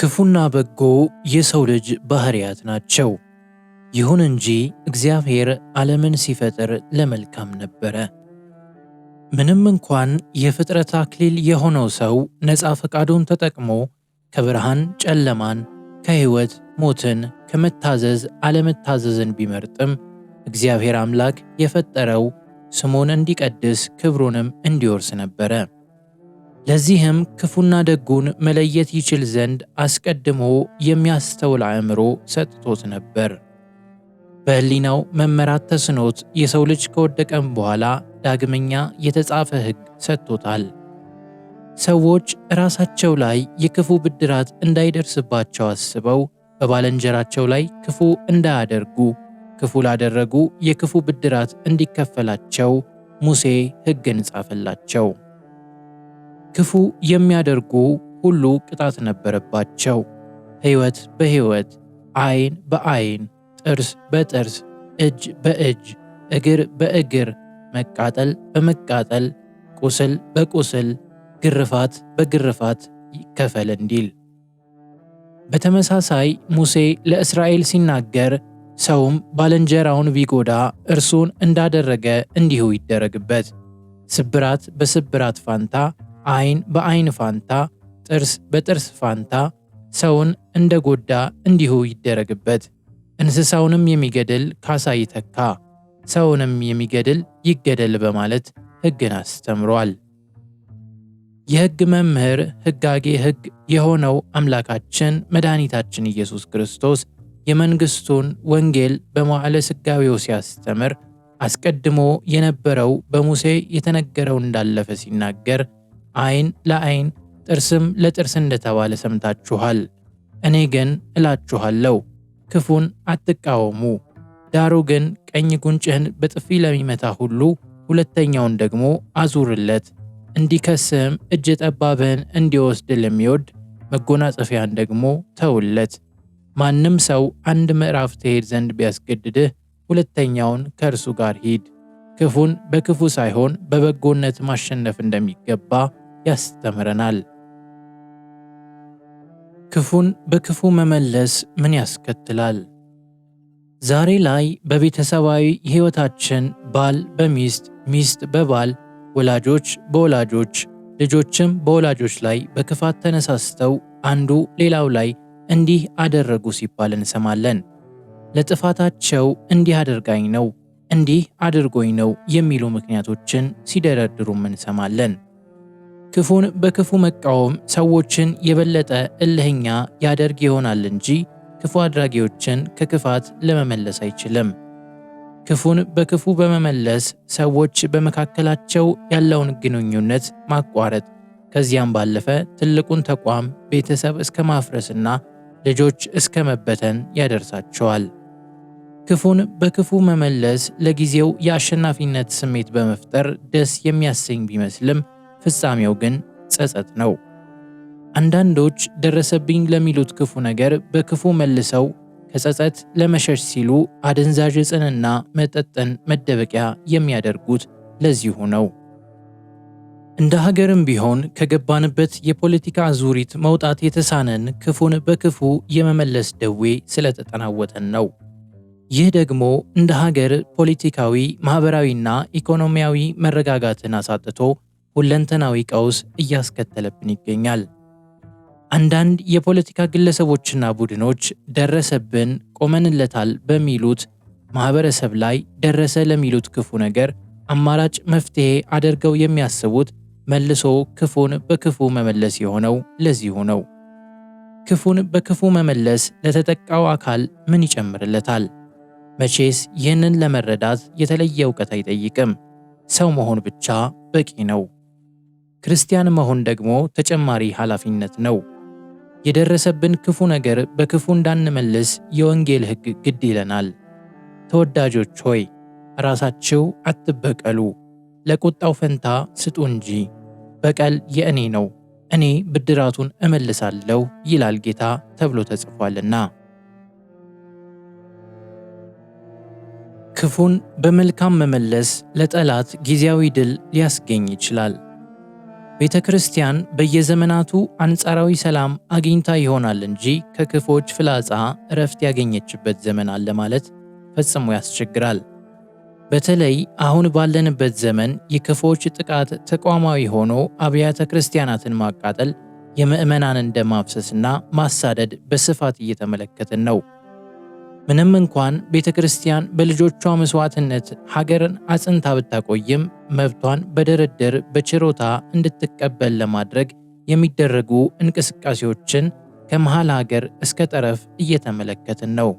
ክፉና በጎ የሰው ልጅ ባህሪያት ናቸው። ይሁን እንጂ እግዚአብሔር ዓለምን ሲፈጥር ለመልካም ነበረ። ምንም እንኳን የፍጥረት አክሊል የሆነው ሰው ነፃ ፈቃዱን ተጠቅሞ ከብርሃን ጨለማን፣ ከሕይወት ሞትን፣ ከመታዘዝ አለመታዘዝን ቢመርጥም እግዚአብሔር አምላክ የፈጠረው ስሙን እንዲቀድስ ክብሩንም እንዲወርስ ነበረ። ለዚህም ክፉና ደጉን መለየት ይችል ዘንድ አስቀድሞ የሚያስተውል አእምሮ ሰጥቶት ነበር። በህሊናው መመራት ተስኖት የሰው ልጅ ከወደቀም በኋላ ዳግመኛ የተጻፈ ሕግ ሰጥቶታል። ሰዎች ራሳቸው ላይ የክፉ ብድራት እንዳይደርስባቸው አስበው በባለንጀራቸው ላይ ክፉ እንዳያደርጉ ክፉ ላደረጉ የክፉ ብድራት እንዲከፈላቸው ሙሴ ሕግን ጻፈላቸው። ክፉ የሚያደርጉ ሁሉ ቅጣት ነበረባቸው። ሕይወት በሕይወት፣ ዐይን በዐይን፣ ጥርስ በጥርስ፣ እጅ በእጅ፣ እግር በእግር፣ መቃጠል በመቃጠል፣ ቁስል በቁስል፣ ግርፋት በግርፋት ይከፈል እንዲል። በተመሳሳይ ሙሴ ለእስራኤል ሲናገር ሰውም ባልንጀራውን ቢጎዳ እርሱን እንዳደረገ እንዲሁ ይደረግበት፣ ስብራት በስብራት ፋንታ አይን በአይን ፋንታ፣ ጥርስ በጥርስ ፋንታ ሰውን እንደ ጎዳ እንዲሁ ይደረግበት። እንስሳውንም የሚገድል ካሳ ይተካ፣ ሰውንም የሚገድል ይገደል በማለት ሕግን አስተምሯል። የሕግ መምህር ሕጋጌ ሕግ የሆነው አምላካችን መድኃኒታችን ኢየሱስ ክርስቶስ የመንግሥቱን ወንጌል በመዋዕለ ሥጋዌው ሲያስተምር አስቀድሞ የነበረው በሙሴ የተነገረው እንዳለፈ ሲናገር አይን ለአይን ጥርስም ለጥርስ እንደተባለ ሰምታችኋል። እኔ ግን እላችኋለሁ ክፉን አትቃወሙ። ዳሩ ግን ቀኝ ጉንጭህን በጥፊ ለሚመታ ሁሉ ሁለተኛውን ደግሞ አዙርለት። እንዲከስም እጅ ጠባብህን እንዲወስድ ለሚወድ መጎናጸፊያን ደግሞ ተውለት። ማንም ሰው አንድ ምዕራፍ ትሄድ ዘንድ ቢያስገድድህ ሁለተኛውን ከእርሱ ጋር ሂድ። ክፉን በክፉ ሳይሆን በበጎነት ማሸነፍ እንደሚገባ ያስተምረናል። ክፉን በክፉ መመለስ ምን ያስከትላል? ዛሬ ላይ በቤተሰባዊ ሕይወታችን ባል በሚስት ሚስት በባል ወላጆች በወላጆች ልጆችም በወላጆች ላይ በክፋት ተነሳስተው አንዱ ሌላው ላይ እንዲህ አደረጉ ሲባል እንሰማለን። ለጥፋታቸው እንዲህ አድርጋኝ ነው እንዲህ አድርጎኝ ነው የሚሉ ምክንያቶችን ሲደረድሩም እንሰማለን። ክፉን በክፉ መቃወም ሰዎችን የበለጠ እልህኛ ያደርግ ይሆናል እንጂ ክፉ አድራጊዎችን ከክፋት ለመመለስ አይችልም። ክፉን በክፉ በመመለስ ሰዎች በመካከላቸው ያለውን ግንኙነት ማቋረጥ ከዚያም ባለፈ ትልቁን ተቋም ቤተሰብ እስከ ማፍረስና ልጆች እስከ መበተን ያደርሳቸዋል። ክፉን በክፉ መመለስ ለጊዜው የአሸናፊነት ስሜት በመፍጠር ደስ የሚያሰኝ ቢመስልም ፍጻሜው ግን ጸጸት ነው። አንዳንዶች ደረሰብኝ ለሚሉት ክፉ ነገር በክፉ መልሰው ከጸጸት ለመሸሽ ሲሉ አደንዛዥ ጽንና መጠጥን መደበቂያ የሚያደርጉት ለዚሁ ነው። እንደ ሀገርም ቢሆን ከገባንበት የፖለቲካ አዙሪት መውጣት የተሳነን ክፉን በክፉ የመመለስ ደዌ ስለተጠናወተን ነው። ይህ ደግሞ እንደ ሀገር ፖለቲካዊ፣ ማኅበራዊና ኢኮኖሚያዊ መረጋጋትን አሳጥቶ ሁለንተናዊ ቀውስ እያስከተለብን ይገኛል። አንዳንድ የፖለቲካ ግለሰቦችና ቡድኖች ደረሰብን፣ ቆመንለታል በሚሉት ማህበረሰብ ላይ ደረሰ ለሚሉት ክፉ ነገር አማራጭ መፍትሄ አድርገው የሚያስቡት መልሶ ክፉን በክፉ መመለስ የሆነው ለዚሁ ነው። ክፉን በክፉ መመለስ ለተጠቃው አካል ምን ይጨምርለታል? መቼስ ይህንን ለመረዳት የተለየ እውቀት አይጠይቅም። ሰው መሆን ብቻ በቂ ነው። ክርስቲያን መሆን ደግሞ ተጨማሪ ኃላፊነት ነው። የደረሰብን ክፉ ነገር በክፉ እንዳንመልስ የወንጌል ሕግ ግድ ይለናል። ተወዳጆች ሆይ ራሳችሁ አትበቀሉ፣ ለቁጣው ፈንታ ስጡ እንጂ። በቀል የእኔ ነው፣ እኔ ብድራቱን እመልሳለሁ ይላል ጌታ ተብሎ ተጽፏልና። ክፉን በመልካም መመለስ ለጠላት ጊዜያዊ ድል ሊያስገኝ ይችላል። ቤተ ክርስቲያን በየዘመናቱ አንጻራዊ ሰላም አግኝታ ይሆናል እንጂ ከክፎች ፍላጻ እረፍት ያገኘችበት ዘመን አለ ማለት ፈጽሞ ያስቸግራል። በተለይ አሁን ባለንበት ዘመን የክፎች ጥቃት ተቋማዊ ሆኖ አብያተ ክርስቲያናትን ማቃጠል፣ የምዕመናንን ደም ማፍሰስና ማሳደድ በስፋት እየተመለከትን ነው። ምንም እንኳን ቤተ ክርስቲያን በልጆቿ መስዋዕትነት ሀገርን አጽንታ ብታቆይም መብቷን በድርድር በችሮታ እንድትቀበል ለማድረግ የሚደረጉ እንቅስቃሴዎችን ከመሃል ሀገር እስከ ጠረፍ እየተመለከትን ነው።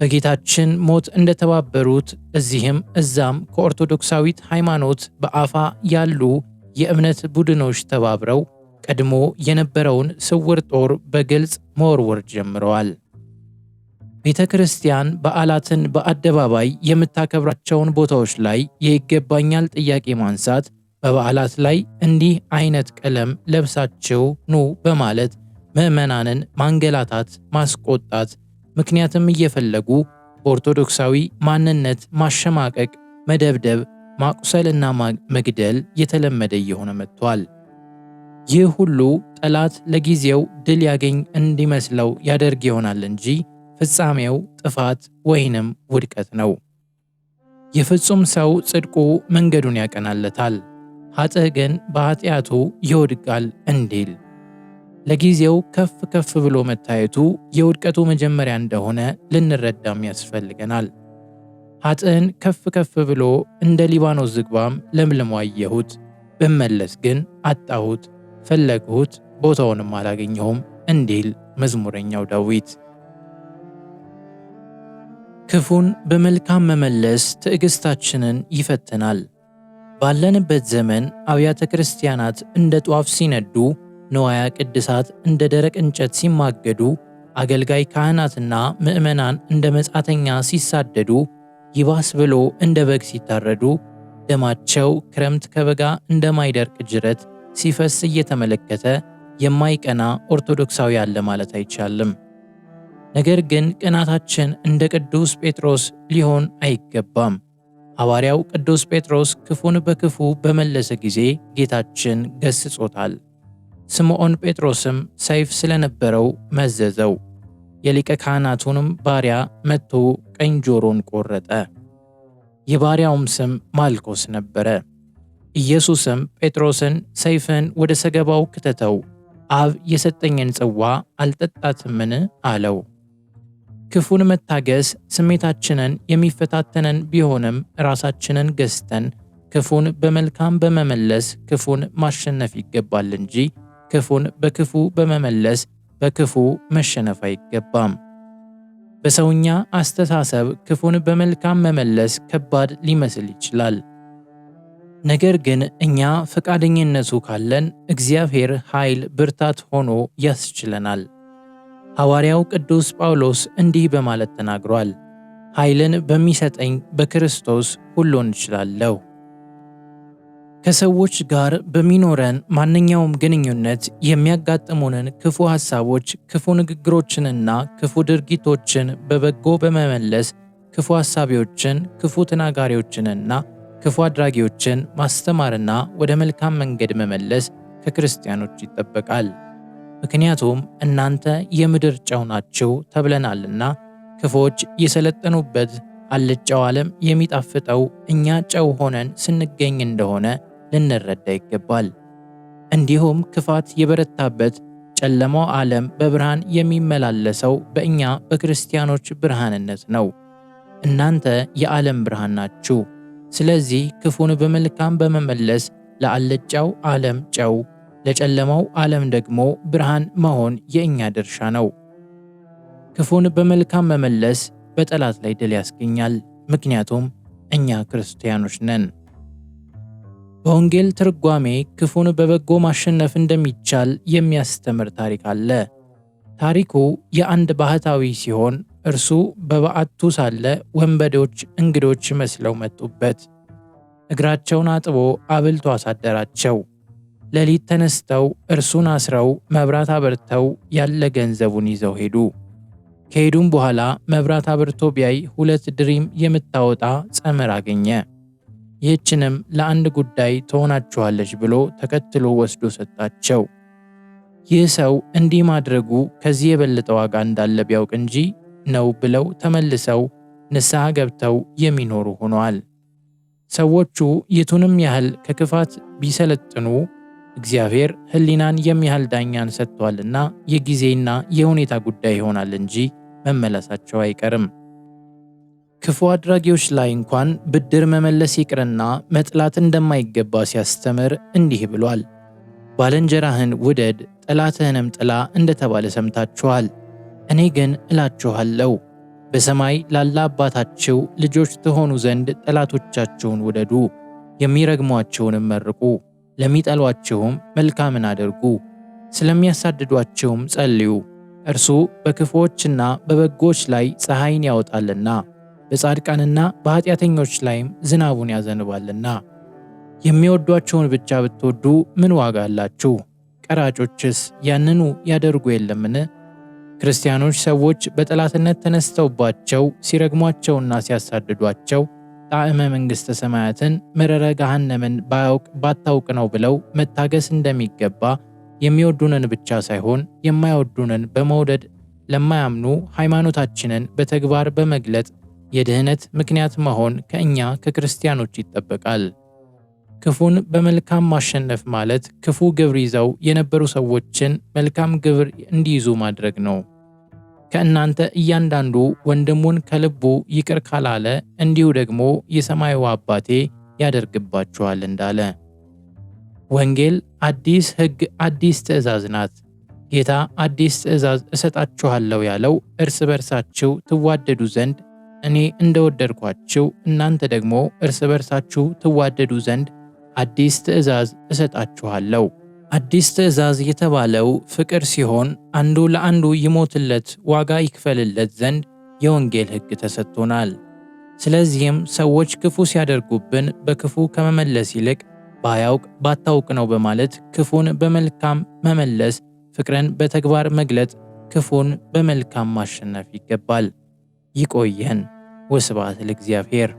በጌታችን ሞት እንደተባበሩት እዚህም እዛም ከኦርቶዶክሳዊት ሃይማኖት በአፋ ያሉ የእምነት ቡድኖች ተባብረው ቀድሞ የነበረውን ስውር ጦር በግልጽ መወርወር ጀምረዋል። ቤተ ክርስቲያን በዓላትን በአደባባይ የምታከብራቸውን ቦታዎች ላይ የይገባኛል ጥያቄ ማንሳት፣ በበዓላት ላይ እንዲህ አይነት ቀለም ለብሳችሁ ኑ በማለት ምዕመናንን ማንገላታት፣ ማስቆጣት፣ ምክንያትም እየፈለጉ በኦርቶዶክሳዊ ማንነት ማሸማቀቅ፣ መደብደብ፣ ማቁሰልና መግደል የተለመደ እየሆነ መጥቷል። ይህ ሁሉ ጠላት ለጊዜው ድል ያገኝ እንዲመስለው ያደርግ ይሆናል እንጂ ፍጻሜው ጥፋት ወይንም ውድቀት ነው። የፍጹም ሰው ጽድቁ መንገዱን ያቀናለታል፣ ኃጥእ ግን በኃጢአቱ ይወድቃል እንዲል ለጊዜው ከፍ ከፍ ብሎ መታየቱ የውድቀቱ መጀመሪያ እንደሆነ ልንረዳም ያስፈልገናል። ኃጥእን ከፍ ከፍ ብሎ እንደ ሊባኖስ ዝግባም ለምልሞ አየሁት፣ ብመለስ ግን አጣሁት፣ ፈለግሁት፣ ቦታውንም አላገኘሁም እንዲል መዝሙረኛው ዳዊት ክፉን በመልካም መመለስ ትዕግስታችንን ይፈትናል። ባለንበት ዘመን አብያተ ክርስቲያናት እንደ ጧፍ ሲነዱ፣ ንዋያ ቅድሳት እንደ ደረቅ እንጨት ሲማገዱ፣ አገልጋይ ካህናትና ምዕመናን እንደ መጻተኛ ሲሳደዱ፣ ይባስ ብሎ እንደ በግ ሲታረዱ፣ ደማቸው ክረምት ከበጋ እንደማይደርቅ ጅረት ሲፈስ እየተመለከተ የማይቀና ኦርቶዶክሳዊ አለ ማለት አይቻልም። ነገር ግን ቅናታችን እንደ ቅዱስ ጴጥሮስ ሊሆን አይገባም። ሐዋርያው ቅዱስ ጴጥሮስ ክፉን በክፉ በመለሰ ጊዜ ጌታችን ገስጾታል። ስምዖን ጴጥሮስም ሰይፍ ስለነበረው መዘዘው፣ የሊቀ ካህናቱንም ባሪያ መጥቶ ቀኝ ጆሮን ቆረጠ። የባሪያውም ስም ማልኮስ ነበረ። ኢየሱስም ጴጥሮስን ሰይፍን ወደ ሰገባው ክተተው፣ አብ የሰጠኝን ጽዋ አልጠጣትምን? አለው። ክፉን መታገስ ስሜታችንን የሚፈታተነን ቢሆንም ራሳችንን ገዝተን ክፉን በመልካም በመመለስ ክፉን ማሸነፍ ይገባል እንጂ ክፉን በክፉ በመመለስ በክፉ መሸነፍ አይገባም። በሰውኛ አስተሳሰብ ክፉን በመልካም መመለስ ከባድ ሊመስል ይችላል። ነገር ግን እኛ ፈቃደኝነቱ ካለን እግዚአብሔር ኃይል ብርታት ሆኖ ያስችለናል። ሐዋርያው ቅዱስ ጳውሎስ እንዲህ በማለት ተናግሯል። ኃይልን በሚሰጠኝ በክርስቶስ ሁሉን እችላለሁ። ከሰዎች ጋር በሚኖረን ማንኛውም ግንኙነት የሚያጋጥሙንን ክፉ ሐሳቦች፣ ክፉ ንግግሮችንና ክፉ ድርጊቶችን በበጎ በመመለስ ክፉ ሐሳቢዎችን፣ ክፉ ተናጋሪዎችንና ክፉ አድራጊዎችን ማስተማርና ወደ መልካም መንገድ መመለስ ከክርስቲያኖች ይጠበቃል። ምክንያቱም እናንተ የምድር ጨው ናችሁ ተብለናልና። ክፎች የሰለጠኑበት አልጫው ዓለም የሚጣፍጠው እኛ ጨው ሆነን ስንገኝ እንደሆነ ልንረዳ ይገባል። እንዲሁም ክፋት የበረታበት ጨለማው ዓለም በብርሃን የሚመላለሰው በእኛ በክርስቲያኖች ብርሃንነት ነው። እናንተ የዓለም ብርሃን ናችሁ። ስለዚህ ክፉን በመልካም በመመለስ ለአልጫው ዓለም ጨው ለጨለማው ዓለም ደግሞ ብርሃን መሆን የእኛ ድርሻ ነው። ክፉን በመልካም መመለስ በጠላት ላይ ድል ያስገኛል። ምክንያቱም እኛ ክርስቲያኖች ነን። በወንጌል ትርጓሜ ክፉን በበጎ ማሸነፍ እንደሚቻል የሚያስተምር ታሪክ አለ። ታሪኩ የአንድ ባህታዊ ሲሆን እርሱ በበዓቱ ሳለ ወንበዴዎች እንግዶች መስለው መጡበት። እግራቸውን አጥቦ አብልቶ አሳደራቸው። ሌሊት ተነስተው እርሱን አስረው መብራት አበርተው ያለ ገንዘቡን ይዘው ሄዱ። ከሄዱም በኋላ መብራት አበርቶ ቢያይ ሁለት ድሪም የምታወጣ ጸምር አገኘ። ይህችንም ለአንድ ጉዳይ ትሆናችኋለች ብሎ ተከትሎ ወስዶ ሰጣቸው። ይህ ሰው እንዲህ ማድረጉ ከዚህ የበለጠ ዋጋ እንዳለ ቢያውቅ እንጂ ነው ብለው ተመልሰው ንስሐ ገብተው የሚኖሩ ሆነዋል። ሰዎቹ የቱንም ያህል ከክፋት ቢሰለጥኑ እግዚአብሔር ሕሊናን የሚያህል ዳኛን ሰጥቷልና የጊዜና የሁኔታ ጉዳይ ይሆናል እንጂ መመለሳቸው አይቀርም። ክፉ አድራጊዎች ላይ እንኳን ብድር መመለስ ይቅርና መጥላት እንደማይገባ ሲያስተምር እንዲህ ብሏል። ባልንጀራህን ውደድ ጠላትህንም ጥላ እንደተባለ ሰምታችኋል። እኔ ግን እላችኋለሁ በሰማይ ላለ አባታችሁ ልጆች ትሆኑ ዘንድ ጠላቶቻችሁን ውደዱ፣ የሚረግሟችሁንም መርቁ ለሚጠሏቸውም መልካምን አድርጉ፣ ስለሚያሳድዷቸውም ጸልዩ። እርሱ በክፉዎችና በበጎች ላይ ፀሐይን ያወጣልና በጻድቃንና በኃጢአተኞች ላይም ዝናቡን ያዘንባልና። የሚወዷቸውን ብቻ ብትወዱ ምን ዋጋ አላችሁ? ቀራጮችስ ያንኑ ያደርጉ የለምን? ክርስቲያኖች ሰዎች በጠላትነት ተነስተውባቸው ሲረግሟቸውና ሲያሳድዷቸው ጣዕመ መንግሥተ ሰማያትን መረረ ገሃነምን ባያውቅ ባታውቅ ነው ብለው መታገስ እንደሚገባ የሚወዱንን ብቻ ሳይሆን የማይወዱንን በመውደድ ለማያምኑ ሃይማኖታችንን በተግባር በመግለጥ የድህነት ምክንያት መሆን ከእኛ ከክርስቲያኖች ይጠበቃል። ክፉን በመልካም ማሸነፍ ማለት ክፉ ግብር ይዘው የነበሩ ሰዎችን መልካም ግብር እንዲይዙ ማድረግ ነው። ከእናንተ እያንዳንዱ ወንድሙን ከልቡ ይቅር ካላለ እንዲሁ ደግሞ የሰማዩ አባቴ ያደርግባችኋል እንዳለ። ወንጌል አዲስ ሕግ አዲስ ትእዛዝ ናት። ጌታ አዲስ ትእዛዝ እሰጣችኋለሁ ያለው እርስ በርሳችሁ ትዋደዱ ዘንድ እኔ እንደወደድኳችሁ እናንተ ደግሞ እርስ በርሳችሁ ትዋደዱ ዘንድ አዲስ ትእዛዝ እሰጣችኋለሁ። አዲስ ትእዛዝ የተባለው ፍቅር ሲሆን አንዱ ለአንዱ ይሞትለት ዋጋ ይክፈልለት ዘንድ የወንጌል ሕግ ተሰጥቶናል። ስለዚህም ሰዎች ክፉ ሲያደርጉብን በክፉ ከመመለስ ይልቅ ባያውቅ ባታውቅ ነው በማለት ክፉን በመልካም መመለስ፣ ፍቅርን በተግባር መግለጥ፣ ክፉን በመልካም ማሸነፍ ይገባል። ይቆየን። ወስብሐት ለእግዚአብሔር።